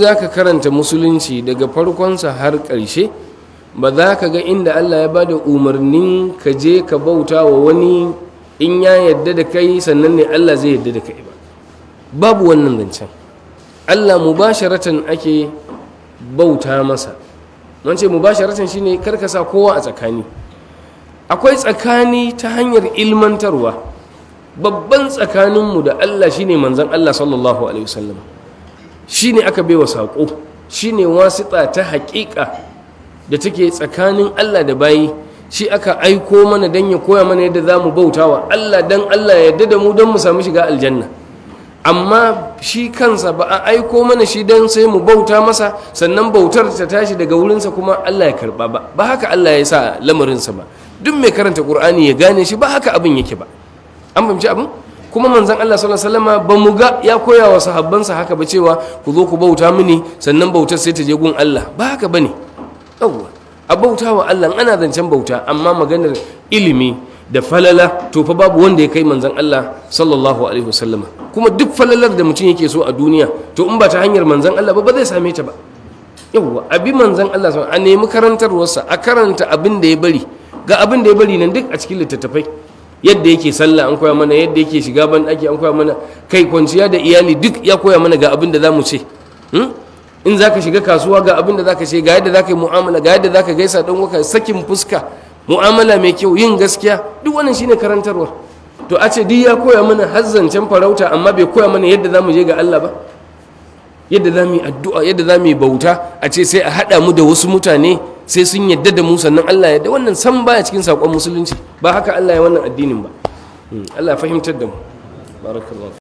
za ka karanta musulunci daga farkonsa har ƙarshe ba za ka ga inda allah ya ba da umarnin ka je ka bauta wa wani in ya yadda da kai sannan ne allah zai yadda da kai ba babu wannan zancen allah mubasharatan ake bauta masa mun mubasharatan shine karkasa kowa a tsakani akwai tsakani ta hanyar ilmantarwa babban tsakaninmu da allah shine manzon allah sallallahu alaihi wasallam shi ne aka baiwa saƙo shi ne wasiƙa ta haƙiƙa da take tsakanin allah da bayi shi aka aiko mana don ya koya mana yadda za mu bautawa allah don allah ya yarda da mu don mu sami shiga aljanna amma shi kansa ba a aiko mana shi don sai mu bauta masa sannan bautar ta tashi daga wurinsa kuma allah ya karba ba ba haka allah ya sa lamarinsa ba duk mai karanta ƙur'ani ya gane shi ba haka abin yake ba an fahimci abin kuma manzon Allah sallallahu alaihi wasallam ba mu ga ya koya wa sahabbansa haka ba cewa ku zo ku bauta mini sannan bautar sai ta je gun Allah ba haka bane yawwa a bauta wa Allah ana zancen bauta amma maganar ilimi da falala to fa babu wanda ya kai manzon Allah sallallahu alaihi wasallam kuma duk falalar da mutum yake so a duniya to in ba ta hanyar manzon Allah ba ba zai same ta ba yawwa abi manzon Allah a nemi karantarwarsa a karanta abin da ya bari ga abin da ya bari nan duk a cikin littattafai yadda yake sallah an koya mana yadda yake shiga ban ɗaki an koya mana kai kwanciya da iyali duk ya koya mana ga abin da za mu ce hmm? in za ka shiga kasuwa ga abin da za ka ce ga yadda za ka yi mu'amala ga yadda za ka gaisa don waka sakin fuska mu'amala mai kyau yin gaskiya duk wannan shine karantarwa to a ce duk ya koya mana hazzancen farauta amma bai koya mana yadda za mu je ga Allah ba yadda za yi addu'a yadda za mu yi bauta a ce sai a haɗa mu da wasu mutane sai sun yadda da mu sannan Allah ya da wannan san baya cikin sakon musulunci ba haka Allah ya wannan addinin ba hmm. Allah fahimtar da mu